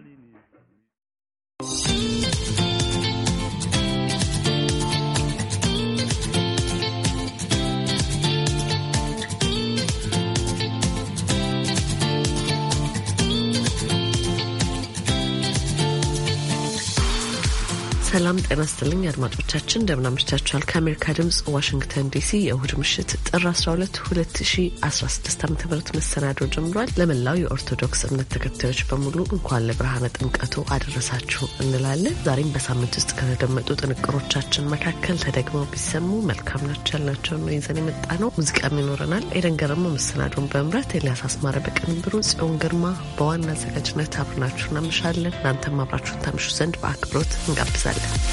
línea. ጤና ስትልኝ አድማጮቻችን አምሽታችኋል። ከአሜሪካ ድምጽ ዋሽንግተን ዲሲ የእሁድ ምሽት ጥር 12 2016 ዓ ም መሰናዶ ጀምሯል። ለመላው የኦርቶዶክስ እምነት ተከታዮች በሙሉ እንኳን ለብርሃነ ጥምቀቱ አደረሳችሁ እንላለን። ዛሬም በሳምንት ውስጥ ከተደመጡ ጥንቅሮቻችን መካከል ተደግመው ቢሰሙ መልካም ናቸው ያልናቸውን ነው ይዘን የመጣ ነው። ሙዚቃም ይኖረናል። ኤደን ገረሞ መሰናዶን በመምራት ኤልያስ አስማረ በቅንብሩ፣ ጽዮን ግርማ በዋና አዘጋጅነት አብርናችሁ እናመሻለን። እናንተም አብራችሁን ታምሹ ዘንድ በአክብሮት እንጋብዛለን።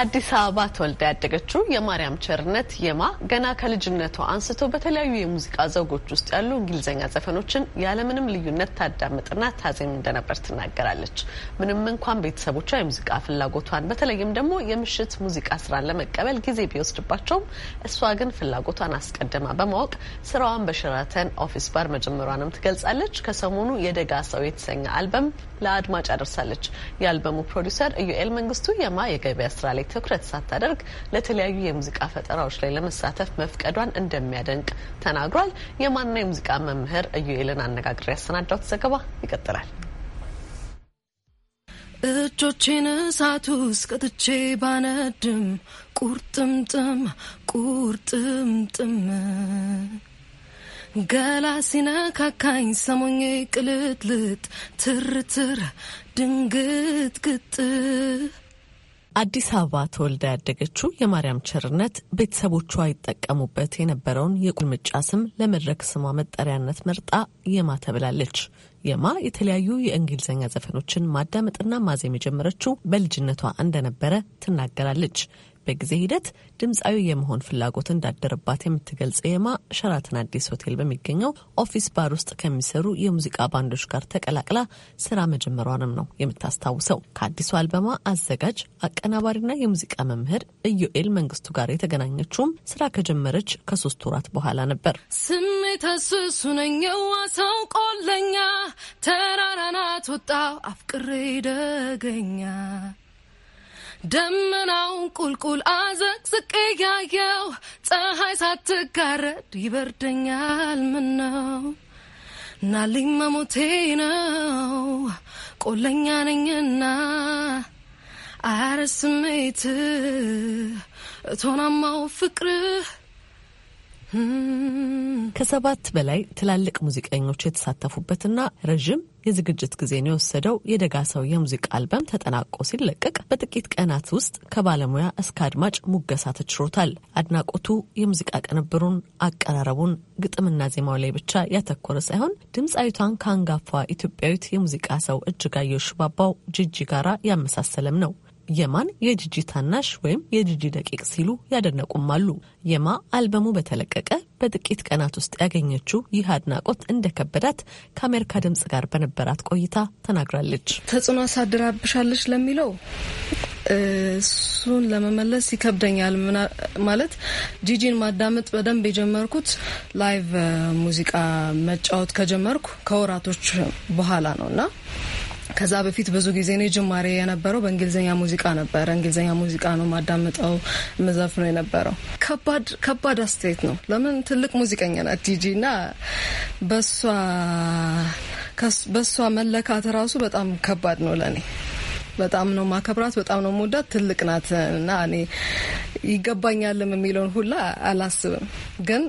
አዲስ አበባ ተወልዳ ያደገችው የማርያም ቸርነት የማ ገና ከልጅነቷ አንስቶ በተለያዩ የሙዚቃ ዘውጎች ውስጥ ያሉ እንግሊዝኛ ዘፈኖችን ያለምንም ልዩነት ታዳምጥና ታዜም እንደነበር ትናገራለች። ምንም እንኳን ቤተሰቦቿ የሙዚቃ ፍላጎቷን በተለይም ደግሞ የምሽት ሙዚቃ ስራን ለመቀበል ጊዜ ቢወስድባቸውም እሷ ግን ፍላጎቷን አስቀድማ በማወቅ ስራዋን በሸራተን ኦፊስ ባር መጀመሯንም ትገልጻለች። ከሰሞኑ የደጋ ሰው የተሰኘ አልበም ለአድማጭ አደርሳለች። የአልበሙ ፕሮዲሰር ኢዩኤል መንግስቱ የማ የገበያ ስራ ላይ ላይ ትኩረት ሳታደርግ ለተለያዩ የሙዚቃ ፈጠራዎች ላይ ለመሳተፍ መፍቀዷን እንደሚያደንቅ ተናግሯል። የማና የሙዚቃ መምህር እዩኤልን አነጋግሮ ያሰናዳውት ዘገባ ይቀጥላል። እጆቼን እሳት ውስጥ ባነድም ቁርጥምጥም ቁርጥምጥም ገላ ሲነካካኝ ሰሞኜ ቅልጥልጥ ትርትር ድንግጥግጥ አዲስ አበባ ተወልዳ ያደገችው የማርያም ቸርነት ቤተሰቦቿ ይጠቀሙበት የነበረውን የቁልምጫ ስም ለመድረክ ስሟ መጠሪያነት መርጣ የማ ተብላለች። የማ የተለያዩ የእንግሊዝኛ ዘፈኖችን ማዳመጥና ማዜም የጀመረችው በልጅነቷ እንደነበረ ትናገራለች። በጊዜ ሂደት ድምፃዊ የመሆን ፍላጎት እንዳደረባት የምትገልጸው የማ ሸራተን አዲስ ሆቴል በሚገኘው ኦፊስ ባር ውስጥ ከሚሰሩ የሙዚቃ ባንዶች ጋር ተቀላቅላ ስራ መጀመሯንም ነው የምታስታውሰው። ከአዲሱ አልበማ አዘጋጅ አቀናባሪና የሙዚቃ መምህር ኢዮኤል መንግስቱ ጋር የተገናኘችውም ስራ ከጀመረች ከሶስት ወራት በኋላ ነበር። ስሜት ሰው ቆለኛ ተራራናት ወጣ አፍቅሬ ደገኛ ደመናውን ቁልቁል አዘቅዝቅ ያየው ፀሐይ ሳትጋረድ ይበርደኛል ምነው ናልኝ መሞቴ ነው ቆለኛ ነኝና አያረ ስሜት እቶናማው ፍቅርህ Hmm. ከሰባት በላይ ትላልቅ ሙዚቀኞች የተሳተፉበትና ረዥም የዝግጅት ጊዜን የወሰደው የደጋ ሰው የሙዚቃ አልበም ተጠናቆ ሲለቀቅ በጥቂት ቀናት ውስጥ ከባለሙያ እስከ አድማጭ ሙገሳ ተችሮታል። አድናቆቱ የሙዚቃ ቅንብሩን፣ አቀራረቡን፣ ግጥምና ዜማው ላይ ብቻ ያተኮረ ሳይሆን ድምፃዊቷን ከአንጋፋ ኢትዮጵያዊት የሙዚቃ ሰው እጅጋየሁ ሽባባው ጂጂ ጋራ ያመሳሰለም ነው። የማን የጂጂ ታናሽ ወይም የጂጂ ደቂቅ ሲሉ ያደነቁም አሉ። የማ አልበሙ በተለቀቀ በጥቂት ቀናት ውስጥ ያገኘችው ይህ አድናቆት እንደከበዳት ከአሜሪካ ድምጽ ጋር በነበራት ቆይታ ተናግራለች። ተጽዕኖ አሳድራብሻለች ለሚለው እሱን ለመመለስ ይከብደኛል። ማለት ጂጂን ማዳመጥ በደንብ የጀመርኩት ላይቭ ሙዚቃ መጫወት ከጀመርኩ ከወራቶች በኋላ ነው እና ከዛ በፊት ብዙ ጊዜ እኔ ጅማሬ የነበረው በእንግሊዝኛ ሙዚቃ ነበረ። እንግሊዝኛ ሙዚቃ ነው ማዳምጠው ምዘፍ ነው የነበረው። ከባድ ከባድ አስተያየት ነው። ለምን ትልቅ ሙዚቀኛ ናት ዲጂ እና በሷ በእሷ መለካት ራሱ በጣም ከባድ ነው ለእኔ በጣም ነው ማከብራት፣ በጣም ነው መወዳት ትልቅ ናት እና እኔ ይገባኛልም የሚለውን ሁላ አላስብም፣ ግን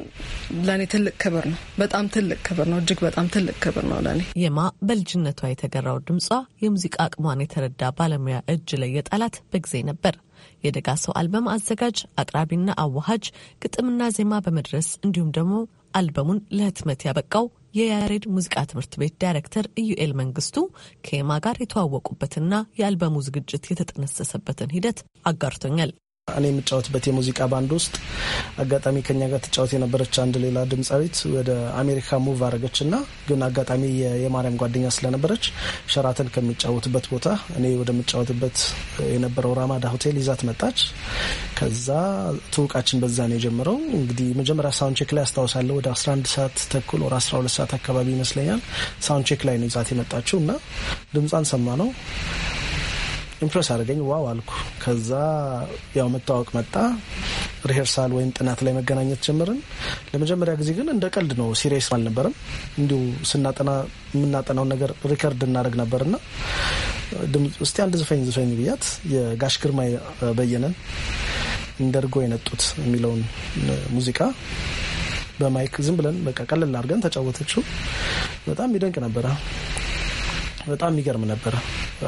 ለእኔ ትልቅ ክብር ነው። በጣም ትልቅ ክብር ነው። እጅግ በጣም ትልቅ ክብር ነው ለእኔ። የማ በልጅነቷ የተገራው ድምጿ የሙዚቃ አቅሟን የተረዳ ባለሙያ እጅ ላይ የጣላት በጊዜ ነበር። የደጋ ሰው አልበም አዘጋጅ አቅራቢና አዋሃጅ ግጥምና ዜማ በመድረስ እንዲሁም ደግሞ አልበሙን ለህትመት ያበቃው የያሬድ ሙዚቃ ትምህርት ቤት ዳይሬክተር ኢዩኤል መንግስቱ ከኤማ ጋር የተዋወቁበትና የአልበሙ ዝግጅት የተጠነሰሰበትን ሂደት አጋርቶኛል። እኔ የምጫወትበት የሙዚቃ ባንድ ውስጥ አጋጣሚ ከኛ ጋር ትጫወት የነበረች አንድ ሌላ ድምፃዊት ወደ አሜሪካ ሙቭ አረገች እና ግን አጋጣሚ የማርያም ጓደኛ ስለነበረች ሸራተን ከሚጫወትበት ቦታ እኔ ወደምጫወትበት የነበረው ራማዳ ሆቴል ይዛት መጣች። ከዛ ትውቃችን በዛ ነው የጀመረው። እንግዲህ መጀመሪያ ሳውንድ ቼክ ላይ አስታውሳለሁ ወደ 11 ሰዓት ተኩል ወደ 12 ሰዓት አካባቢ ይመስለኛል ሳውንድ ቼክ ላይ ነው ይዛት የመጣችው እና ድምጿን ሰማ ነው ኢምፕሬስ አድርገኝ ዋው አልኩ። ከዛ ያው መታወቅ መጣ። ሪሄርሳል ወይም ጥናት ላይ መገናኘት ጀምርን። ለመጀመሪያ ጊዜ ግን እንደ ቀልድ ነው፣ ሲሪየስ አልነበረም። እንዲሁ ስናጠና የምናጠናውን ነገር ሪከርድ እናደርግ ነበርና ውስጥ አንድ ዝፈኝ ዝፈኝ ብያት የጋሽ ግርማ በየነን እንደርጎ የነጡት የሚለውን ሙዚቃ በማይክ ዝም ብለን በቃ ቀለል አድርገን ተጫወተችው። በጣም ይደንቅ ነበረ። በጣም የሚገርም ነበረ።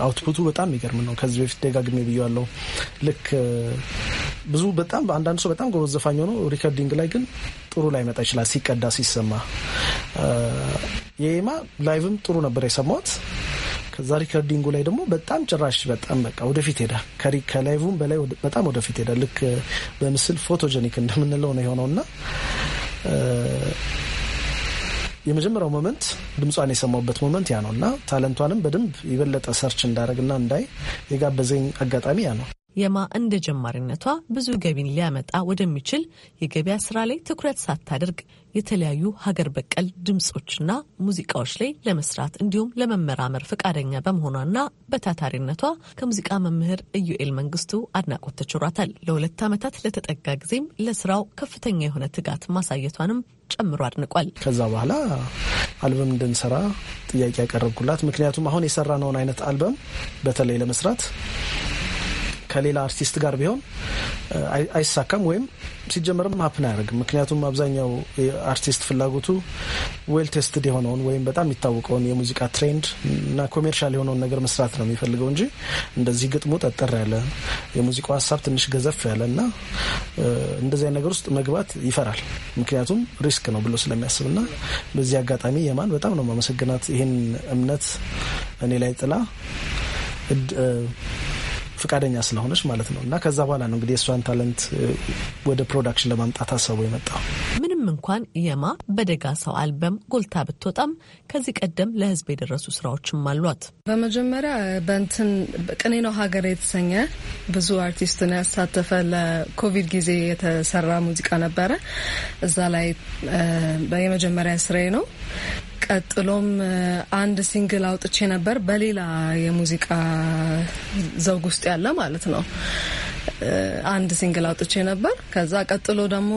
አውትፑቱ በጣም የሚገርም ነው። ከዚህ በፊት ደጋግሜ ብያለሁ። ልክ ብዙ በጣም አንዳንድ ሰው በጣም ጎበዝ ዘፋኝ ሆኖ ሪከርዲንግ ላይ ግን ጥሩ ላይ መጣ ይችላል ሲቀዳ ሲሰማ። የኤማ ላይቭም ጥሩ ነበር የሰማሁት። ከዛ ሪከርዲንጉ ላይ ደግሞ በጣም ጭራሽ በጣም በቃ ወደፊት ሄዳ ከላይቭም በላይ በጣም ወደፊት ሄዳ ልክ በምስል ፎቶጀኒክ እንደምንለው ነው የሆነው እና የመጀመሪያው ሞመንት ድምጿን የሰማሁበት ሞመንት ያ ነው እና ታለንቷንም በደንብ የበለጠ ሰርች እንዳደረግና እንዳይ የጋበዘኝ አጋጣሚ ያ ነው። የማ እንደ ጀማሪነቷ ብዙ ገቢን ሊያመጣ ወደሚችል የገበያ ስራ ላይ ትኩረት ሳታደርግ የተለያዩ ሀገር በቀል ድምፆችና ሙዚቃዎች ላይ ለመስራት እንዲሁም ለመመራመር ፈቃደኛ በመሆኗና በታታሪነቷ ከሙዚቃ መምህር ኢዩኤል መንግስቱ አድናቆት ተችሯታል። ለሁለት ዓመታት ለተጠጋ ጊዜም ለስራው ከፍተኛ የሆነ ትጋት ማሳየቷንም ጨምሮ አድንቋል። ከዛ በኋላ አልበም እንድንሰራ ጥያቄ ያቀረብኩላት፣ ምክንያቱም አሁን የሰራነውን አይነት አልበም በተለይ ለመስራት ከሌላ አርቲስት ጋር ቢሆን አይሳካም ወይም ሲጀመርም ሀፕን አያደርግም። ምክንያቱም አብዛኛው አርቲስት ፍላጎቱ ዌል ቴስትድ የሆነውን ወይም በጣም የሚታወቀውን የሙዚቃ ትሬንድ እና ኮሜርሻል የሆነውን ነገር መስራት ነው የሚፈልገው እንጂ እንደዚህ ግጥሙ ጠጠር ያለ የሙዚቃው ሀሳብ ትንሽ ገዘፍ ያለ እና እንደዚያ ነገር ውስጥ መግባት ይፈራል። ምክንያቱም ሪስክ ነው ብሎ ስለሚያስብ እና በዚህ አጋጣሚ የማን በጣም ነው ማመሰግናት ይህን እምነት እኔ ላይ ጥላ ፍቃደኛ ስለሆነች ማለት ነው። እና ከዛ በኋላ ነው እንግዲህ እሷን ታለንት ወደ ፕሮዳክሽን ለማምጣት አሰቡ የመጣው። ምንም እንኳን የማ በደጋ ሰው አልበም ጎልታ ብትወጣም ከዚህ ቀደም ለህዝብ የደረሱ ስራዎችም አሏት። በመጀመሪያ በንትን ቅኔ ነው ሀገር የተሰኘ ብዙ አርቲስትን ያሳተፈ ለኮቪድ ጊዜ የተሰራ ሙዚቃ ነበረ። እዛ ላይ የመጀመሪያ ስራዬ ነው። ቀጥሎም አንድ ሲንግል አውጥቼ ነበር በሌላ የሙዚቃ ዘውግ ውስጥ ያለ ማለት ነው። አንድ ሲንግል አውጥቼ ነበር። ከዛ ቀጥሎ ደግሞ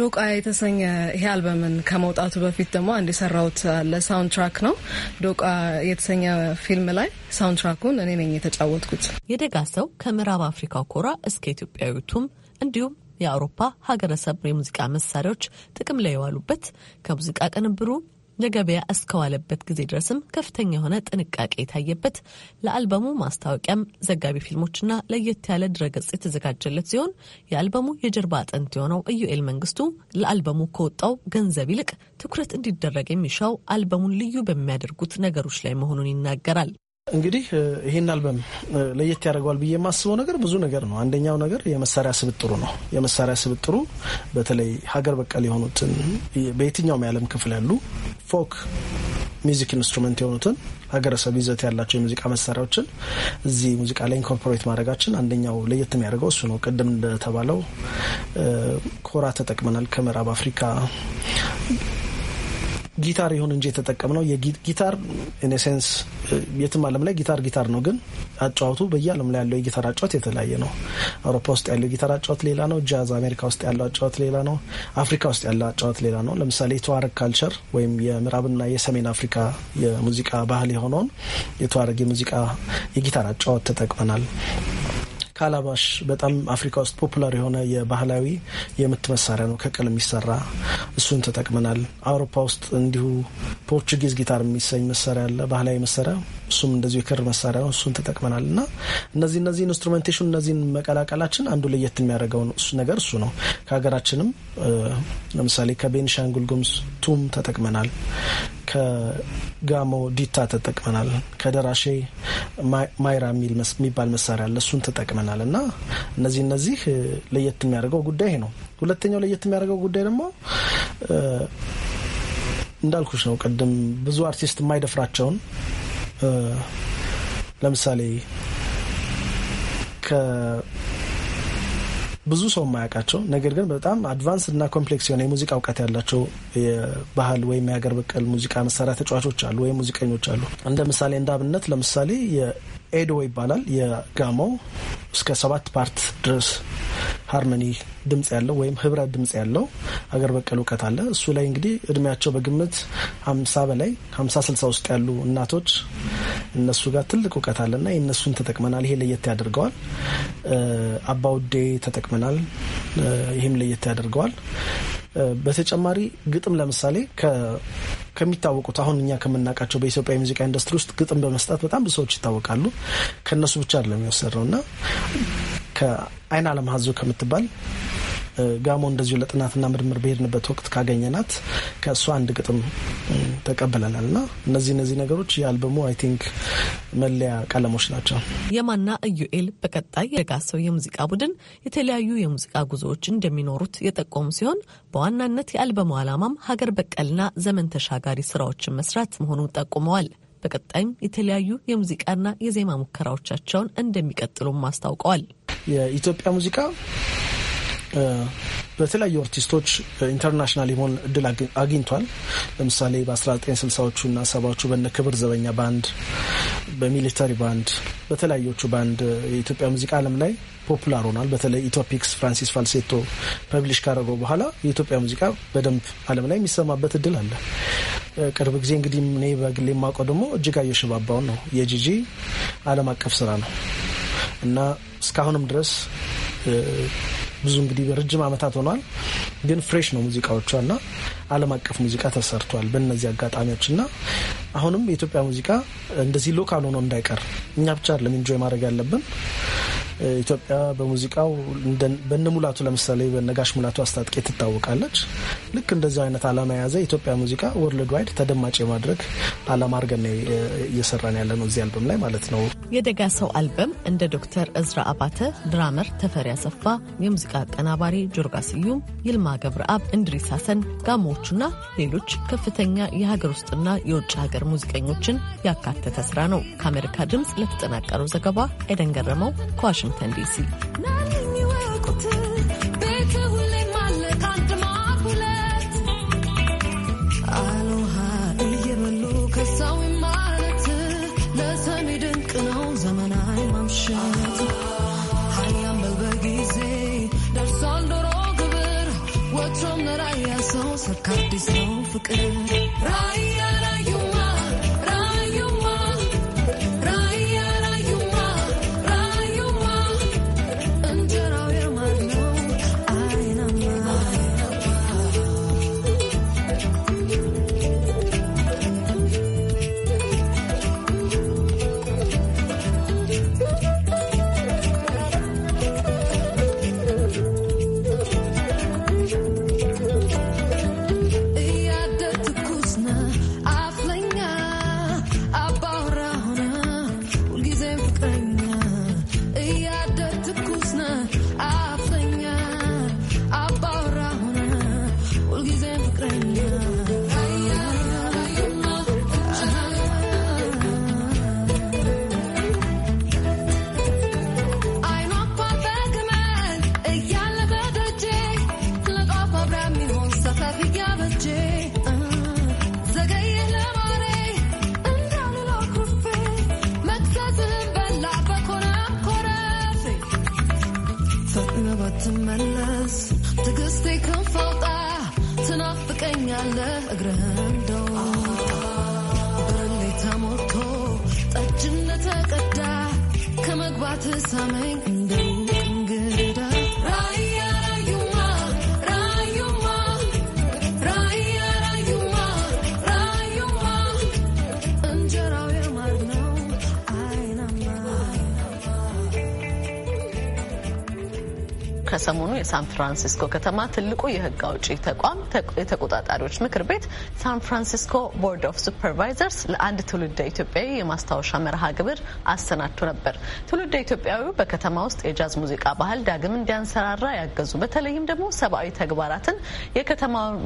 ዶቃ የተሰኘ ይሄ አልበምን ከመውጣቱ በፊት ደግሞ አንድ የሰራሁት አለ። ሳውንድ ትራክ ነው። ዶቃ የተሰኘ ፊልም ላይ ሳውንድ ትራኩን እኔ ነኝ የተጫወትኩት። የደጋ ሰው ከምዕራብ አፍሪካው ኮራ እስከ ኢትዮጵያዊቱም እንዲሁም የአውሮፓ ሀገረሰብ የሙዚቃ መሳሪያዎች ጥቅም ላይ የዋሉበት ከሙዚቃ ቅንብሩ ለገበያ እስከዋለበት ጊዜ ድረስም ከፍተኛ የሆነ ጥንቃቄ የታየበት ለአልበሙ ማስታወቂያም ዘጋቢ ፊልሞችና ለየት ያለ ድረገጽ የተዘጋጀለት ሲሆን የአልበሙ የጀርባ አጥንት የሆነው ኢዩኤል መንግስቱ ለአልበሙ ከወጣው ገንዘብ ይልቅ ትኩረት እንዲደረግ የሚሻው አልበሙን ልዩ በሚያደርጉት ነገሮች ላይ መሆኑን ይናገራል። እንግዲህ ይህን አልበም ለየት ያደርገዋል ብዬ የማስበው ነገር ብዙ ነገር ነው። አንደኛው ነገር የመሳሪያ ስብጥሩ ነው። የመሳሪያ ስብጥሩ በተለይ ሀገር በቀል የሆኑትን በየትኛውም የዓለም ክፍል ያሉ ፎክ ሚዚክ ኢንስትሩመንት የሆኑትን ሀገረሰብ ይዘት ያላቸው የሙዚቃ መሳሪያዎችን እዚህ ሙዚቃ ላይ ኢንኮርፖሬት ማድረጋችን አንደኛው ለየት የሚያደርገው እሱ ነው። ቅድም እንደተባለው ኮራ ተጠቅመናል ከምዕራብ አፍሪካ ጊታር ይሁን እንጂ የተጠቀምነው ጊታር ኢንሴንስ የትም ዓለም ላይ ጊታር ጊታር ነው። ግን አጫዋቱ በየዓለም ላይ ያለው የጊታር አጫዋት የተለያየ ነው። አውሮፓ ውስጥ ያለው የጊታር አጫወት ሌላ ነው። ጃዝ አሜሪካ ውስጥ ያለው አጫዋት ሌላ ነው። አፍሪካ ውስጥ ያለው አጫዋት ሌላ ነው። ለምሳሌ የተዋረግ ካልቸር ወይም የምዕራብና የሰሜን አፍሪካ የሙዚቃ ባህል የሆነውን የተዋረግ የሙዚቃ የጊታር አጫዋት ተጠቅመናል። ካላባሽ በጣም አፍሪካ ውስጥ ፖፑላር የሆነ የባህላዊ የምት መሳሪያ ነው፣ ከቅል የሚሰራ እሱን ተጠቅመናል። አውሮፓ ውስጥ እንዲሁ ፖርቹጊዝ ጊታር የሚሰኝ መሳሪያ አለ፣ ባህላዊ መሳሪያ፣ እሱም እንደዚሁ የክር መሳሪያ ነው፣ እሱን ተጠቅመናል። እና እነዚህ እነዚህ ኢንስትሩሜንቴሽን እነዚህን መቀላቀላችን አንዱ ለየት የሚያደርገው ነገር እሱ ነው። ከሀገራችንም ለምሳሌ ከቤኒሻንጉል ጉሙዝ ቱም ተጠቅመናል። ከጋሞ ዲታ ተጠቅመናል። ከደራሼ ማይራ የሚባል መሳሪያ አለ፣ እሱን ተጠቅመናል እና እነዚህ እነዚህ ለየት የሚያደርገው ጉዳይ ነው። ሁለተኛው ለየት የሚያደርገው ጉዳይ ደግሞ እንዳልኩሽ ነው ቅድም ብዙ አርቲስት የማይደፍራቸውን ለምሳሌ ብዙ ሰው የማያውቃቸው ነገር ግን በጣም አድቫንስ እና ኮምፕሌክስ የሆነ የሙዚቃ እውቀት ያላቸው የባህል ወይም የሀገር በቀል ሙዚቃ መሳሪያ ተጫዋቾች አሉ ወይም ሙዚቀኞች አሉ። እንደ ምሳሌ እንደ አብነት ለምሳሌ ኤዶ ይባላል። የጋሞ እስከ ሰባት ፓርት ድረስ ሃርመኒ ድምጽ ያለው ወይም ህብረ ድምጽ ያለው አገር በቀል እውቀት አለ። እሱ ላይ እንግዲህ እድሜያቸው በግምት ሀምሳ በላይ ሀምሳ ስልሳ ውስጥ ያሉ እናቶች እነሱ ጋር ትልቅ እውቀት አለና የእነሱን ተጠቅመናል። ይሄ ለየት ያደርገዋል። አባውዴ ተጠቅመናል። ይህም ለየት ያደርገዋል። በተጨማሪ ግጥም ለምሳሌ ከሚታወቁት አሁን እኛ ከምናውቃቸው በኢትዮጵያ የሙዚቃ ኢንዱስትሪ ውስጥ ግጥም በመስጠት በጣም ብዙ ሰዎች ይታወቃሉ። ከእነሱ ብቻ አይደለም የወሰድነው እና ከአይን አለም ሀዞ ከምትባል ጋሞ እንደዚሁ ለጥናትና ምርምር በሄድንበት ወቅት ካገኘናት ከእሱ አንድ ግጥም ተቀብለናል እና እነዚህ እነዚህ ነገሮች የአልበሙ አይ ቲንክ መለያ ቀለሞች ናቸው። የማና ኢዩኤል በቀጣይ የጋሰው የሙዚቃ ቡድን የተለያዩ የሙዚቃ ጉዞዎች እንደሚኖሩት የጠቆሙ ሲሆን በዋናነት የአልበሙ ዓላማም ሀገር በቀልና ዘመን ተሻጋሪ ስራዎችን መስራት መሆኑን ጠቁመዋል። በቀጣይም የተለያዩ የሙዚቃና የዜማ ሙከራዎቻቸውን እንደሚቀጥሉም አስታውቀዋል። የኢትዮጵያ ሙዚቃ በተለያዩ አርቲስቶች ኢንተርናሽናል የሆን እድል አግኝቷል። ለምሳሌ በ1960ዎቹና ሰባዎቹ በነ ክብር ዘበኛ ባንድ፣ በሚሊተሪ ባንድ፣ በተለያዮቹ ባንድ የኢትዮጵያ ሙዚቃ ዓለም ላይ ፖፑላር ሆኗል። በተለይ ኢትዮፒክስ ፍራንሲስ ፋልሴቶ ፐብሊሽ ካደረገው በኋላ የኢትዮጵያ ሙዚቃ በደንብ ዓለም ላይ የሚሰማበት እድል አለ። ቅርብ ጊዜ እንግዲህ እኔ በግሌ የማውቀው ደግሞ እጅጋየሁ ሽባባውን ነው። የጂጂ ዓለም አቀፍ ስራ ነው እና እስካሁንም ድረስ ብዙ እንግዲህ በረጅም ዓመታት ሆኗል፣ ግን ፍሬሽ ነው ሙዚቃዎቿ እና ዓለም አቀፍ ሙዚቃ ተሰርቷል በእነዚህ አጋጣሚዎች እና አሁንም የኢትዮጵያ ሙዚቃ እንደዚህ ሎካል ሆኖ እንዳይቀር እኛ ብቻ አይደለም ኢንጆይ ማድረግ ያለብን ኢትዮጵያ በሙዚቃው በነ ሙላቱ ለምሳሌ በነጋሽ ሙላቱ አስታጥቄ ትታወቃለች። ልክ እንደዚህ አይነት አላማ የያዘ የኢትዮጵያ ሙዚቃ ወርልድ ዋይድ ተደማጭ የማድረግ አላማ አድርገን እየሰራን ያለ ነው እዚህ አልበም ላይ ማለት ነው። የደጋ ሰው አልበም እንደ ዶክተር እዝራ አባተ፣ ድራመር ተፈሪ አሰፋ፣ የሙዚቃ አቀናባሪ ጆርጋ ስዩም፣ ይልማ ገብረአብ፣ እንድሪስ ሀሰን፣ ጋሞዎቹና ሌሎች ከፍተኛ የሀገር ውስጥና የውጭ ሀገር ሙዚቀኞችን ያካተተ ስራ ነው። ከአሜሪካ ድምፅ ለተጠናቀረው ዘገባ አይደን ገረመው ከዋሽንግተን ዋሽንግተን ዲሲ። Cut this off, to something. ከሰሞኑ የሳን ፍራንሲስኮ ከተማ ትልቁ የህግ አውጪ ተቋም የተቆጣጣሪዎች ምክር ቤት ሳን ፍራንሲስኮ ቦርድ ኦፍ ሱፐርቫይዘርስ ለአንድ ትውልደ ኢትዮጵያዊ የማስታወሻ መርሃ ግብር አሰናድቶ ነበር። ትውልደ ኢትዮጵያዊው በከተማ ውስጥ የጃዝ ሙዚቃ ባህል ዳግም እንዲያንሰራራ ያገዙ በተለይም ደግሞ ሰብአዊ ተግባራትን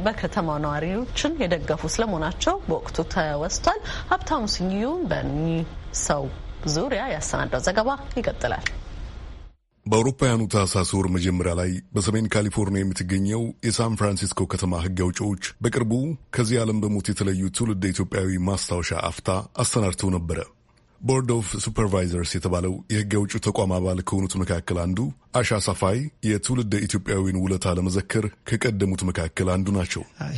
በከተማው ነዋሪዎችን የደገፉ ስለመሆናቸው በወቅቱ ተወስቷል። ሀብታሙ ስዩም በኒ ሰው ዙሪያ ያሰናዳው ዘገባ ይቀጥላል። በአውሮፓውያኑ ታህሳስ ወር መጀመሪያ ላይ በሰሜን ካሊፎርኒያ የምትገኘው የሳን ፍራንሲስኮ ከተማ ሕግ አውጪዎች በቅርቡ ከዚህ ዓለም በሞት የተለዩ ትውልድ ኢትዮጵያዊ ማስታወሻ አፍታ አሰናድተው ነበረ። ቦርድ ኦፍ ሱፐርቫይዘርስ የተባለው የሕግ አውጪ ተቋም አባል ከሆኑት መካከል አንዱ አሻ ሳፋይ የትውልደ ኢትዮጵያዊን ውለታ ለመዘከር ከቀደሙት መካከል አንዱ ናቸው። uh,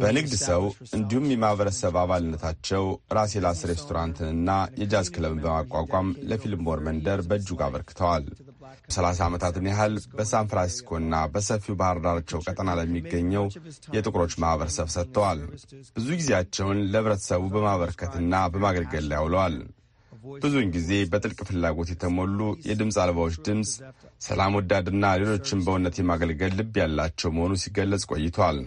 በንግድ ሰው እንዲሁም የማህበረሰብ አባልነታቸው ራሴ ላስ ሬስቶራንትንና የጃዝ ክለብን በማቋቋም ለፊልም ወር መንደር በእጅጉ አበርክተዋል። ሰላሳ ዓመታትን ያህል በሳን ፍራንሲስኮና በሰፊው ባህር ዳርቻው ቀጠና ለሚገኘው የጥቁሮች ማህበረሰብ ሰጥተዋል። ብዙ ጊዜያቸውን ለህብረተሰቡ በማበርከትና በማገልገል ላይ አውለዋል። ብዙውን ጊዜ በጥልቅ ፍላጎት የተሞሉ የድምፅ አልባዎች ድምፅ ሰላም ወዳድና ሌሎችን በእውነት የማገልገል ልብ ያላቸው መሆኑ ሲገለጽ ቆይቷል።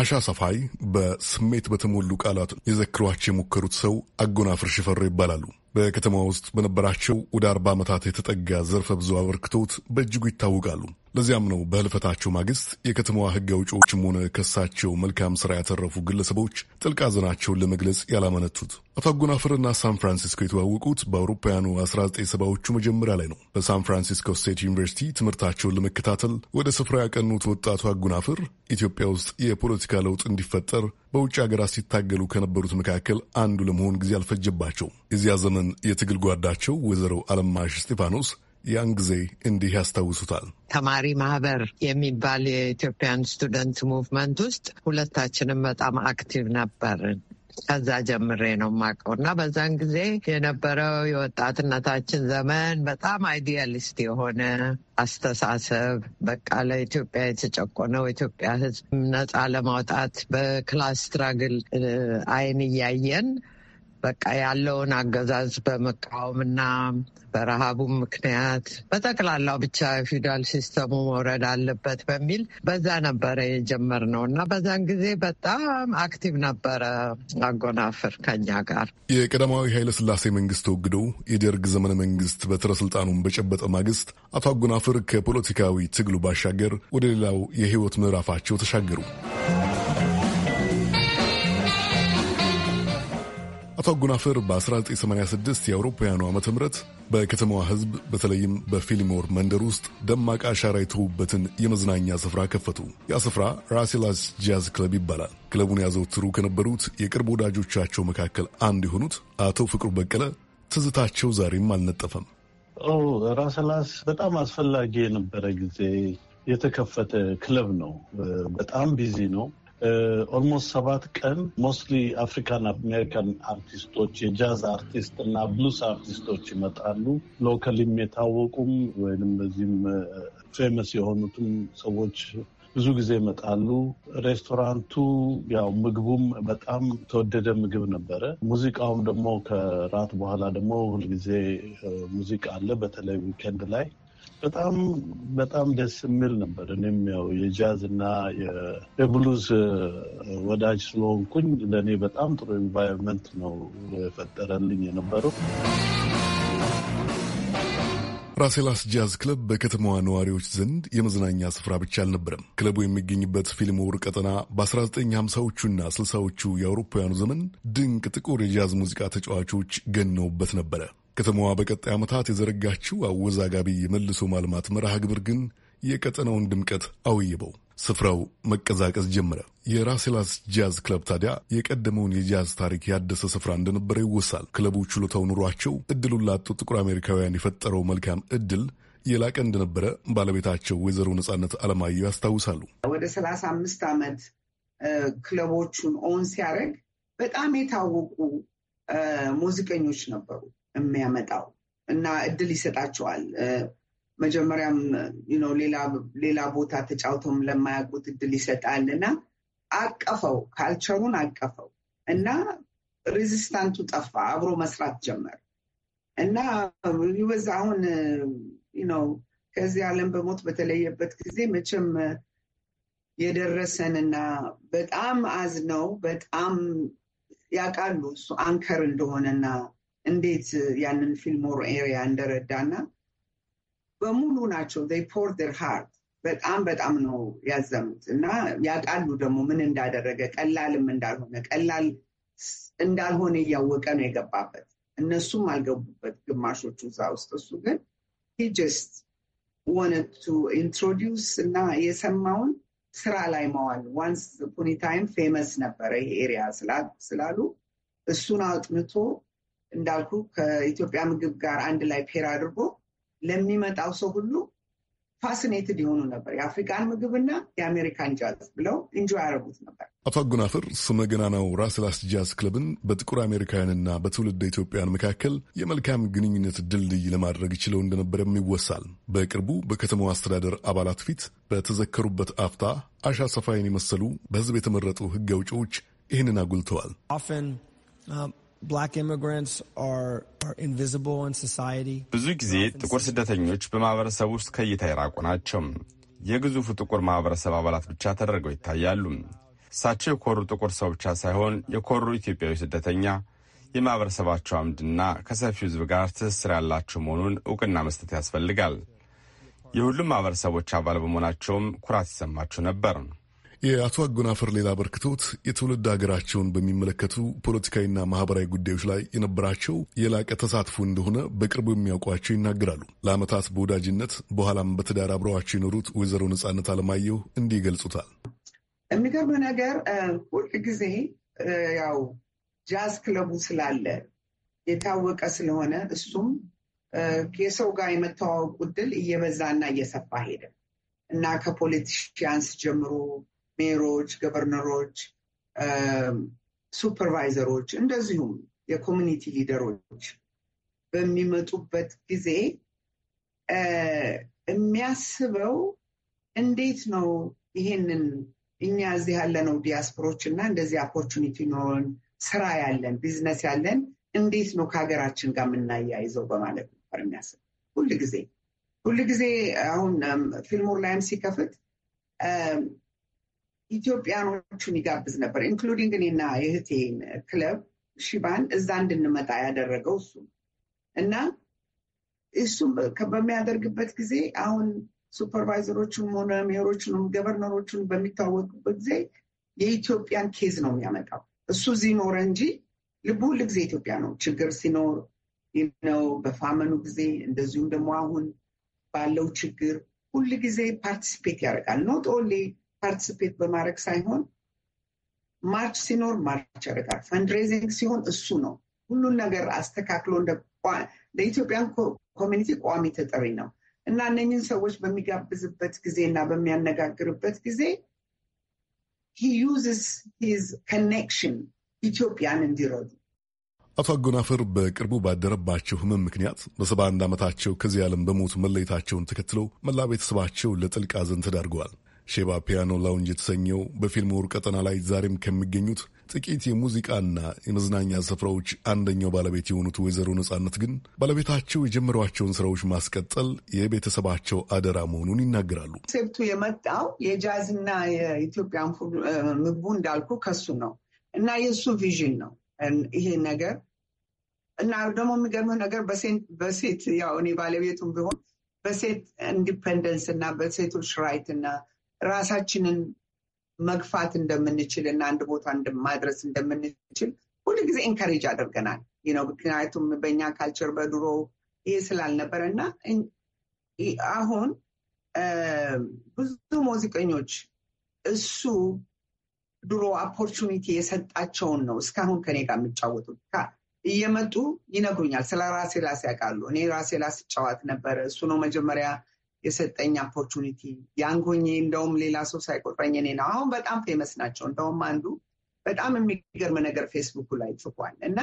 አሻ ሰፋይ በስሜት በተሞሉ ቃላት የዘክሯቸው የሞከሩት ሰው አጎናፍር ሽፈሮ ይባላሉ። በከተማ ውስጥ በነበራቸው ወደ አርባ ዓመታት የተጠጋ ዘርፈ ብዙ አበርክቶት በእጅጉ ይታወቃሉ። ለዚያም ነው በህልፈታቸው ማግስት የከተማዋ ህግ አውጪዎችም ሆነ ከሳቸው መልካም ስራ ያተረፉ ግለሰቦች ጥልቅ ሐዘናቸውን ለመግለጽ ያላመነቱት። አቶ አጎናፍርና ሳን ፍራንሲስኮ የተዋወቁት በአውሮፓውያኑ 1970ዎቹ መጀመሪያ ላይ ነው። በሳን ፍራንሲስኮ ስቴት ዩኒቨርሲቲ ትምህርታቸውን ለመከታተል ወደ ስፍራ ያቀኑት ወጣቱ አጎናፍር ኢትዮጵያ ውስጥ የፖለቲካ ለውጥ እንዲፈጠር በውጭ ሀገራት ሲታገሉ ከነበሩት መካከል አንዱ ለመሆን ጊዜ አልፈጀባቸው። የዚያ ዘመን የትግል ጓዳቸው ወይዘሮ አለማሽ እስጢፋኖስ ያን ጊዜ እንዲህ ያስታውሱታል። ተማሪ ማህበር የሚባል የኢትዮጵያን ስቱደንት ሙቭመንት ውስጥ ሁለታችንም በጣም አክቲቭ ነበርን። ከዛ ጀምሬ ነው የማውቀው እና በዛን ጊዜ የነበረው የወጣትነታችን ዘመን በጣም አይዲያሊስት የሆነ አስተሳሰብ በቃ ለኢትዮጵያ የተጨቆነው ኢትዮጵያ ሕዝብ ነፃ ለማውጣት በክላስ ስትራግል አይን እያየን በቃ ያለውን አገዛዝ በመቃወምና በረሃቡ ምክንያት በጠቅላላው ብቻ ፊውዳል ሲስተሙ መውረድ አለበት በሚል በዛ ነበረ የጀመርነው እና በዛን ጊዜ በጣም አክቲቭ ነበረ አጎናፍር ከኛ ጋር። የቀዳማዊ ስላሴ መንግስት ተወግዶ የደርግ ዘመነ መንግስት በትረ ስልጣኑን በጨበጠ ማግስት አቶ አጎናፍር ከፖለቲካዊ ትግሉ ባሻገር ወደ ሌላው የህይወት ምዕራፋቸው ተሻገሩ። አቶ አጎናፍር በ1986 የአውሮፓውያኑ ዓመተ ምህረት በከተማዋ ሕዝብ በተለይም በፊሊሞር መንደር ውስጥ ደማቅ አሻራ የተዉበትን የመዝናኛ ስፍራ ከፈቱ። ያ ስፍራ ራሴላስ ጃዝ ክለብ ይባላል። ክለቡን ያዘወትሩ ከነበሩት የቅርብ ወዳጆቻቸው መካከል አንድ የሆኑት አቶ ፍቅሩ በቀለ ትዝታቸው ዛሬም አልነጠፈም። ራሴላስ በጣም አስፈላጊ የነበረ ጊዜ የተከፈተ ክለብ ነው። በጣም ቢዚ ነው። ኦልሞስት uh, ሰባት ቀን ሞስትሊ አፍሪካን አሜሪካን አርቲስቶች የጃዝ አርቲስት እና ብሉስ አርቲስቶች ይመጣሉ። ሎከሊም የታወቁም ወይም በዚህም ፌመስ uh, የሆኑትም ሰዎች ብዙ ጊዜ ይመጣሉ። ሬስቶራንቱ ያው ምግቡም በጣም ተወደደ ምግብ ነበረ። ሙዚቃውም ደግሞ ከራት በኋላ ደግሞ ሁልጊዜ uh, ሙዚቃ አለ፣ በተለይ ዊኬንድ ላይ በጣም በጣም ደስ የሚል ነበር። እኔም ያው የጃዝ እና የብሉዝ ወዳጅ ስለሆንኩኝ ለእኔ በጣም ጥሩ ኤንቫይሮንመንት ነው የፈጠረልኝ የነበረው። ራሴላስ ጃዝ ክለብ በከተማዋ ነዋሪዎች ዘንድ የመዝናኛ ስፍራ ብቻ አልነበረም። ክለቡ የሚገኝበት ፊልም ውር ቀጠና በ1950ዎቹና 60ዎቹ የአውሮፓውያኑ ዘመን ድንቅ ጥቁር የጃዝ ሙዚቃ ተጫዋቾች ገነውበት ነበረ። ከተማዋ በቀጣይ ዓመታት የዘረጋችው አወዛጋቢ የመልሶ ማልማት መርሃ ግብር ግን የቀጠናውን ድምቀት አውይበው ስፍራው መቀዛቀዝ ጀመረ። የራሴላስ ጃዝ ክለብ ታዲያ የቀደመውን የጃዝ ታሪክ ያደሰ ስፍራ እንደነበረ ይወሳል። ክለቡ ችሎታው ኑሯቸው እድሉን ላጡ ጥቁር አሜሪካውያን የፈጠረው መልካም እድል የላቀ እንደነበረ ባለቤታቸው ወይዘሮ ነጻነት አለማየሁ ያስታውሳሉ። ወደ ሰላሳ አምስት ዓመት ክለቦቹን ኦን ሲያደርግ በጣም የታወቁ ሙዚቀኞች ነበሩ። የሚያመጣው እና እድል ይሰጣቸዋል። መጀመሪያም ሌላ ቦታ ተጫውተውም ለማያውቁት እድል ይሰጣል እና አቀፈው፣ ካልቸሩን አቀፈው እና ሬዚስታንቱ ጠፋ። አብሮ መስራት ጀመር እና ይበዛ አሁን ነው ከዚህ ዓለም በሞት በተለየበት ጊዜ መቼም የደረሰንና በጣም አዝነው በጣም ያውቃሉ እሱ አንከር እንደሆነና እንዴት ያንን ፊልሞር ኤሪያ እንደረዳና በሙሉ ናቸው ፖር ደር ሃርት በጣም በጣም ነው ያዘኑት እና ያውቃሉ ደግሞ ምን እንዳደረገ ቀላልም እንዳልሆነ ቀላል እንዳልሆነ እያወቀ ነው የገባበት። እነሱም አልገቡበት ግማሾቹ እዛ ውስጥ። እሱ ግን ጀስት ወነቱ ኢንትሮዲውስ እና የሰማውን ስራ ላይ መዋል ዋንስ ፖኒ ፌመስ ነበረ ይሄ ኤሪያ ስላሉ እሱን አጥንቶ እንዳልኩ ከኢትዮጵያ ምግብ ጋር አንድ ላይ ፔር አድርጎ ለሚመጣው ሰው ሁሉ ፋሲኔትድ የሆኑ ነበር። የአፍሪካን ምግብና የአሜሪካን ጃዝ ብለው እንጆ ያደረጉት ነበር። አቶ አጎናፍር ስመ ገናናው ራስላስ ጃዝ ክለብን በጥቁር አሜሪካውያንና በትውልድ ኢትዮጵያውያን መካከል የመልካም ግንኙነት ድልድይ ለማድረግ ችለው እንደነበረም ይወሳል። በቅርቡ በከተማው አስተዳደር አባላት ፊት በተዘከሩበት አፍታ አሻ ሰፋይን የመሰሉ በህዝብ የተመረጡ ህግ አውጪዎች ይህንን አጉልተዋል። um, ብዙ ጊዜ ጥቁር ስደተኞች በማህበረሰብ ውስጥ ከእይታ የራቁ ናቸው። የግዙፉ ጥቁር ማህበረሰብ አባላት ብቻ ተደርገው ይታያሉ። እሳቸው የኮሩ ጥቁር ሰው ብቻ ሳይሆን የኮሩ ኢትዮጵያዊ ስደተኛ የማህበረሰባቸው አምድና ከሰፊው ሕዝብ ጋር ትስስር ያላቸው መሆኑን እውቅና መስጠት ያስፈልጋል። የሁሉም ማህበረሰቦች አባል በመሆናቸውም ኩራት ይሰማቸው ነበር። የአቶ አጎናፍር ሌላ አበርክቶት የትውልድ ሀገራቸውን በሚመለከቱ ፖለቲካዊና ማህበራዊ ጉዳዮች ላይ የነበራቸው የላቀ ተሳትፎ እንደሆነ በቅርቡ የሚያውቋቸው ይናገራሉ። ለአመታት በወዳጅነት በኋላም በትዳር አብረዋቸው የኖሩት ወይዘሮ ነጻነት አለማየሁ እንዲህ ይገልጹታል። የሚገርም ነገር ሁል ጊዜ ያው ጃዝ ክለቡ ስላለ የታወቀ ስለሆነ እሱም የሰው ጋር የመተዋወቁ እየበዛ እየበዛና እየሰፋ ሄደ እና ከፖለቲሽያንስ ጀምሮ ሜሮች፣ ገቨርነሮች፣ ሱፐርቫይዘሮች እንደዚሁም የኮሚኒቲ ሊደሮች በሚመጡበት ጊዜ የሚያስበው እንዴት ነው ይሄንን እኛ እዚህ ያለነው ዲያስፖሮች እና እንደዚህ ኦፖርቹኒቲ ኖሮን ስራ ያለን ቢዝነስ ያለን እንዴት ነው ከሀገራችን ጋር የምናያይዘው በማለት ነበር የሚያስብ ሁል ጊዜ ሁል ጊዜ አሁን ፊልሙር ላይም ሲከፍት ኢትዮጵያኖቹን ይጋብዝ ነበር። ኢንክሉዲንግ እኔና የእህቴን ክለብ ሽባን እዛ እንድንመጣ ያደረገው እሱ እና እሱም በሚያደርግበት ጊዜ አሁን ሱፐርቫይዘሮቹንም ሆነ ሜሮችንም ገቨርነሮችን በሚታወቁበት ጊዜ የኢትዮጵያን ኬዝ ነው የሚያመጣው። እሱ እዚህ ኖረ እንጂ ልቡ ሁል ጊዜ ኢትዮጵያ ነው። ችግር ሲኖር ነው በፋመኑ ጊዜ፣ እንደዚሁም ደግሞ አሁን ባለው ችግር ሁል ጊዜ ፓርቲሲፔት ያደርጋል ኖት ኦንሊ ፓርቲስፔት በማድረግ ሳይሆን ማርች ሲኖር ማርች ያደርጋል። ፈንድሬዚንግ ሲሆን እሱ ነው ሁሉን ነገር አስተካክሎ እንደ ኢትዮጵያን ኮሚኒቲ ቋሚ ተጠሪ ነው እና እነኝን ሰዎች በሚጋብዝበት ጊዜ እና በሚያነጋግርበት ጊዜ ሂ ዩዝስ ሂዝ ኮኔክሽን ኢትዮጵያን እንዲረዱ አቶ አጎናፍር በቅርቡ ባደረባቸው ህመም ምክንያት በሰባ አንድ ዓመታቸው ከዚህ ዓለም በሞት መለየታቸውን ተከትለው መላ ቤተሰባቸው ለጥልቅ ሐዘን ተዳርገዋል። ሼባ ፒያኖ ላውንጅ የተሰኘው በፊልም ውር ቀጠና ላይ ዛሬም ከሚገኙት ጥቂት የሙዚቃና የመዝናኛ ስፍራዎች አንደኛው ባለቤት የሆኑት ወይዘሮ ነጻነት ግን ባለቤታቸው የጀመሯቸውን ስራዎች ማስቀጠል የቤተሰባቸው አደራ መሆኑን ይናገራሉ። ሴብቱ የመጣው የጃዝና የኢትዮጵያን ምግቡ እንዳልኩ ከሱ ነው እና የእሱ ቪዥን ነው ይሄ ነገር እና ደግሞ የሚገርመው ነገር በሴት ያው እኔ ባለቤቱም ቢሆን በሴት ኢንዲፐንደንስ እና በሴቶች ራይት እና ራሳችንን መግፋት እንደምንችል እና አንድ ቦታ ማድረስ እንደምንችል ሁሉ ጊዜ ኢንካሬጅ አድርገናል ነው። ምክንያቱም በእኛ ካልቸር በድሮ ይህ ስላልነበረ እና አሁን ብዙ ሙዚቀኞች እሱ ድሮ ኦፖርቹኒቲ የሰጣቸውን ነው እስካሁን ከኔ ጋር የሚጫወቱት እየመጡ ይነግሩኛል። ስለ ራሴ ላስ ያውቃሉ። እኔ ራሴ ጫዋት ነበረ እሱ ነው መጀመሪያ የሰጠኝ ኦፖርቹኒቲ ያንጎኝ እንደውም ሌላ ሰው ሳይቆጥረኝ እኔ ነው አሁን በጣም ፌመስ ናቸው። እንደውም አንዱ በጣም የሚገርም ነገር ፌስቡኩ ላይ ጽፏል እና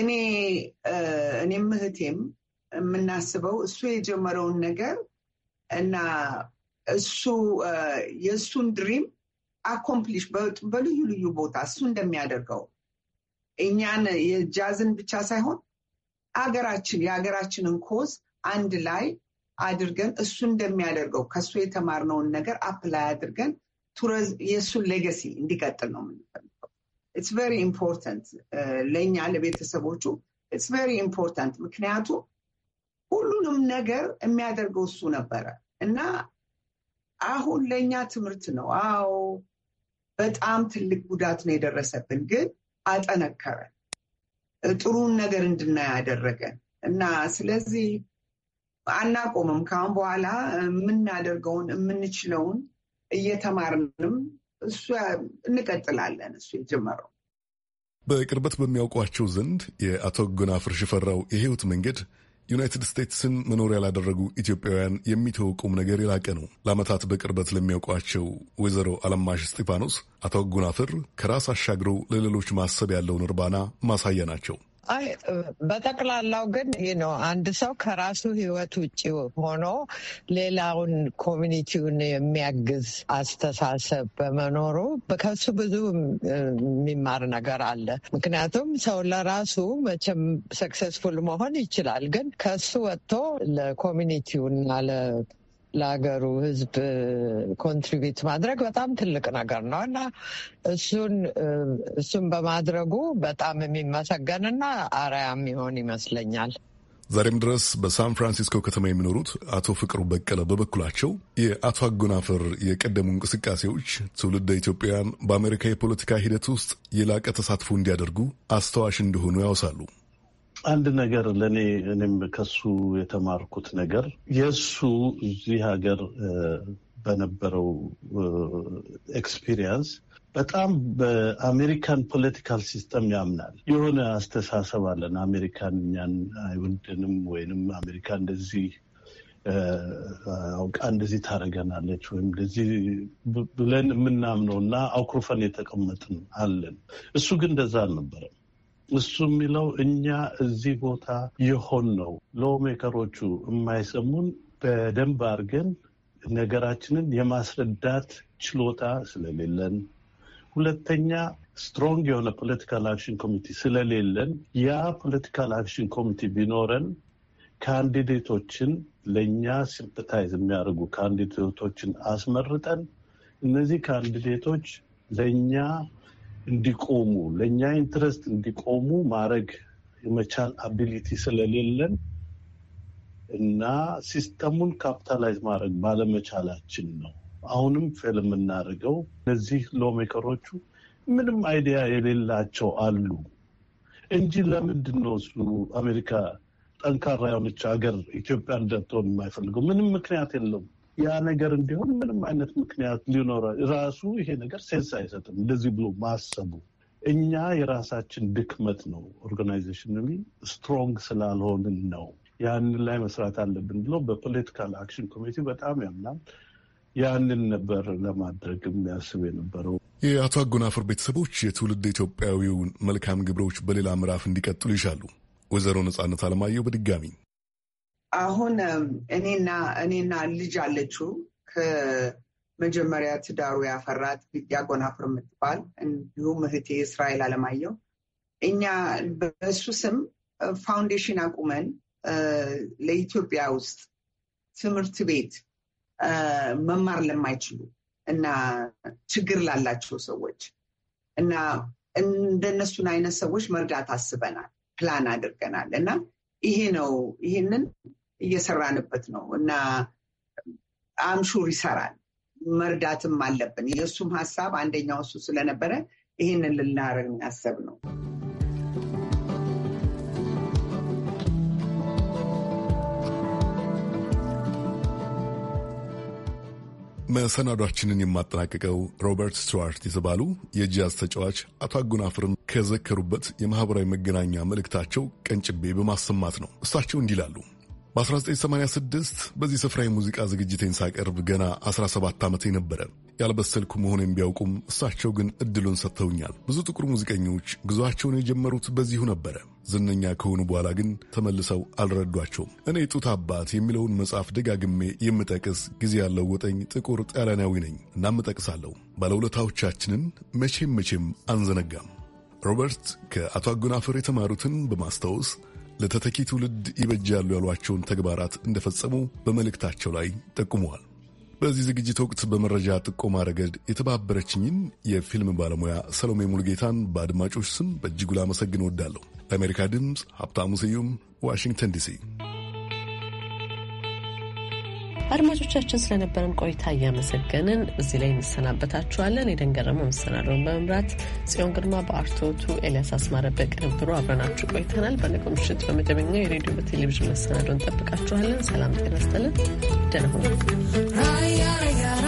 እኔ እኔም እህቴም የምናስበው እሱ የጀመረውን ነገር እና እሱ የእሱን ድሪም አኮምፕሊሽ በልዩ ልዩ ቦታ እሱ እንደሚያደርገው እኛን የጃዝን ብቻ ሳይሆን አገራችን የሀገራችንን ኮዝ አንድ ላይ አድርገን እሱ እንደሚያደርገው ከእሱ የተማርነውን ነገር አፕላይ አድርገን የእሱን ሌገሲ እንዲቀጥል ነው የምንፈልገው። ኢትስ ቬሪ ኢምፖርታንት ለእኛ ለቤተሰቦቹ ኢትስ ቬሪ ኢምፖርታንት። ምክንያቱም ሁሉንም ነገር የሚያደርገው እሱ ነበረ እና አሁን ለእኛ ትምህርት ነው። አዎ በጣም ትልቅ ጉዳት ነው የደረሰብን፣ ግን አጠነከረን፣ ጥሩን ነገር እንድናይ አደረገን እና ስለዚህ አናቆምም። ከአሁን በኋላ የምናደርገውን የምንችለውን እየተማርንም እሱ እንቀጥላለን። እሱ የጀመረው በቅርበት በሚያውቋቸው ዘንድ የአቶ ጎናፍር ሽፈራው የህይወት መንገድ ዩናይትድ ስቴትስን መኖሪያ ላደረጉ ኢትዮጵያውያን የሚተወቁም ነገር የላቀ ነው። ለአመታት በቅርበት ለሚያውቋቸው ወይዘሮ አለማሽ እስጢፋኖስ አቶ ጉናፍር ከራስ አሻግረው ለሌሎች ማሰብ ያለውን እርባና ማሳያ ናቸው። አይ በጠቅላላው ግን ይህ ነው። አንድ ሰው ከራሱ ህይወት ውጭ ሆኖ ሌላውን ኮሚኒቲውን የሚያግዝ አስተሳሰብ በመኖሩ ከሱ ብዙ የሚማር ነገር አለ። ምክንያቱም ሰው ለራሱ መቼም ሰክሰስፉል መሆን ይችላል፣ ግን ከሱ ወጥቶ ለኮሚኒቲውና ለሀገሩ ህዝብ ኮንትሪቢዩት ማድረግ በጣም ትልቅ ነገር ነው እና እሱን እሱን በማድረጉ በጣም የሚመሰገንና አርአያ የሚሆን ይመስለኛል። ዛሬም ድረስ በሳን ፍራንሲስኮ ከተማ የሚኖሩት አቶ ፍቅሩ በቀለ በበኩላቸው የአቶ አጎናፈር የቀደሙ እንቅስቃሴዎች ትውልደ ኢትዮጵያውያን በአሜሪካ የፖለቲካ ሂደት ውስጥ የላቀ ተሳትፎ እንዲያደርጉ አስተዋሽ እንደሆኑ ያውሳሉ። አንድ ነገር ለእኔ እኔም ከሱ የተማርኩት ነገር የእሱ እዚህ ሀገር በነበረው ኤክስፒሪየንስ በጣም በአሜሪካን ፖለቲካል ሲስተም ያምናል። የሆነ አስተሳሰብ አለን። አሜሪካን እኛን አይወደንም ወይንም አሜሪካ እንደዚህ አውቃ እንደዚህ ታደርገናለች ወይም እንደዚህ ብለን የምናምነው እና አኩርፈን የተቀመጥን አለን። እሱ ግን እንደዛ አልነበረም። እሱ የሚለው እኛ እዚህ ቦታ የሆን ነው ሎሜከሮቹ የማይሰሙን በደንብ አድርገን ነገራችንን የማስረዳት ችሎታ ስለሌለን፣ ሁለተኛ ስትሮንግ የሆነ ፖለቲካል አክሽን ኮሚቴ ስለሌለን፣ ያ ፖለቲካል አክሽን ኮሚቴ ቢኖረን ካንዲዴቶችን ለእኛ ሲምፐታይዝ የሚያደርጉ ካንዲዴቶችን አስመርጠን እነዚህ ካንዲዴቶች ለእኛ እንዲቆሙ ለእኛ ኢንትረስት እንዲቆሙ ማድረግ የመቻል አቢሊቲ ስለሌለን እና ሲስተሙን ካፒታላይዝ ማድረግ ባለመቻላችን ነው አሁንም ፌል የምናደርገው። እነዚህ ሎሜከሮቹ ምንም አይዲያ የሌላቸው አሉ እንጂ ለምንድን ነው እሱ አሜሪካ ጠንካራ የሆነች ሀገር ኢትዮጵያ እንደትሆን የማይፈልገው? ምንም ምክንያት የለውም። ያ ነገር እንዲሆን ምንም አይነት ምክንያት ሊኖረ ራሱ ይሄ ነገር ሴንስ አይሰጥም። እንደዚህ ብሎ ማሰቡ እኛ የራሳችን ድክመት ነው። ኦርጋናይዜሽናሊ ስትሮንግ ስላልሆንን ነው። ያንን ላይ መስራት አለብን ብሎ በፖለቲካል አክሽን ኮሚቴ በጣም ያምናል። ያንን ነበር ለማድረግ የሚያስብ የነበረው። የአቶ አጎናፍር ቤተሰቦች የትውልድ ኢትዮጵያዊውን መልካም ግብሮች በሌላ ምዕራፍ እንዲቀጥሉ ይሻሉ። ወይዘሮ ነጻነት አለማየሁ በድጋሚ አሁን እኔና እኔና ልጅ አለችው ከመጀመሪያ ትዳሩ ያፈራት ያጎናፍር ጎናፍር የምትባል እንዲሁም እህቴ እስራኤል አለማየሁ እኛ በእሱ ስም ፋውንዴሽን አቁመን ለኢትዮጵያ ውስጥ ትምህርት ቤት መማር ለማይችሉ እና ችግር ላላቸው ሰዎች እና እንደነሱን አይነት ሰዎች መርዳት አስበናል፣ ፕላን አድርገናል እና ይሄ ነው ይህንን እየሰራንበት ነው እና አምሹር ይሰራል። መርዳትም አለብን። የእሱም ሀሳብ አንደኛው እሱ ስለነበረ ይህንን ልናረግ ያሰብ ነው። መሰናዷችንን የማጠናቀቀው ሮበርት ስቱዋርት የተባሉ የጃዝ ተጫዋች አቶ አጎናፍርን ከዘከሩበት የማኅበራዊ መገናኛ መልእክታቸው ቀንጭቤ በማሰማት ነው። እሳቸው እንዲህ ይላሉ። በ1986 በዚህ ስፍራ የሙዚቃ ዝግጅቴን ሳቀርብ ገና 17 ዓመት ነበረ። ያልበሰልኩ መሆኔን ቢያውቁም እሳቸው ግን እድሉን ሰጥተውኛል። ብዙ ጥቁር ሙዚቀኞች ጉዞአቸውን የጀመሩት በዚሁ ነበረ። ዝነኛ ከሆኑ በኋላ ግን ተመልሰው አልረዷቸውም። እኔ ጡት አባት የሚለውን መጽሐፍ ደጋግሜ የምጠቅስ ጊዜ ያለው ወጠኝ ጥቁር ጣሊያናዊ ነኝ። እናምጠቅሳለሁ ባለውለታዎቻችንን መቼም መቼም አንዘነጋም። ሮበርት ከአቶ አጎናፍር የተማሩትን በማስታወስ ለተተኪ ትውልድ ይበጃሉ ያሏቸውን ተግባራት እንደፈጸሙ በመልእክታቸው ላይ ጠቁመዋል። በዚህ ዝግጅት ወቅት በመረጃ ጥቆማ ረገድ የተባበረችኝን የፊልም ባለሙያ ሰሎሜ ሙልጌታን በአድማጮች ስም በእጅጉ ላመሰግን እወዳለሁ። ለአሜሪካ ድምፅ ሀብታሙ ስዩም ዋሽንግተን ዲሲ አድማጮቻችን ስለነበረን ቆይታ እያመሰገንን እዚህ ላይ እንሰናበታችኋለን። የደንገረመው መሰናደውን በመምራት ጽዮን ግርማ፣ በአርቶቱ ኤልያስ አስማረ፣ በቅንብሩ አብረናችሁ ቆይተናል። በነገው ምሽት በመደበኛው የሬዲዮ በቴሌቪዥን መሰናዶ እንጠብቃችኋለን። ሰላም ጤና ይስጥልን። ደህና ሁኑ።